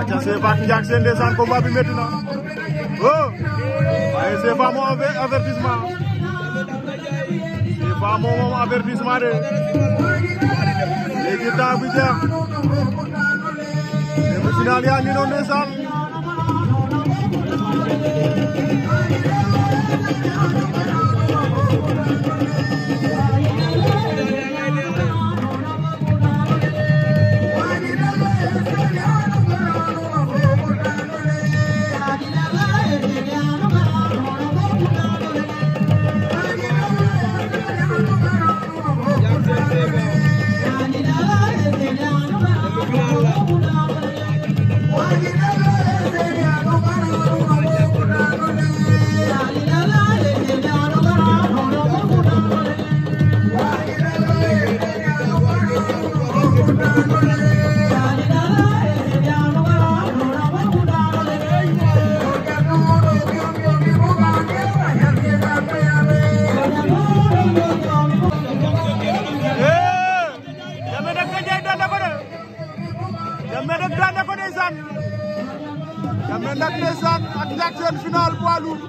aca CFA ak Ndiak Sène ndeysaan combat bi métti na oh waaye CFA moo avertissement CFA de léegi temps bi jeex demi final yaa ngi noonu Thank you. Jambe nag daan na ko ndeysaan Jambe nag ndeysaan ak final poids lourd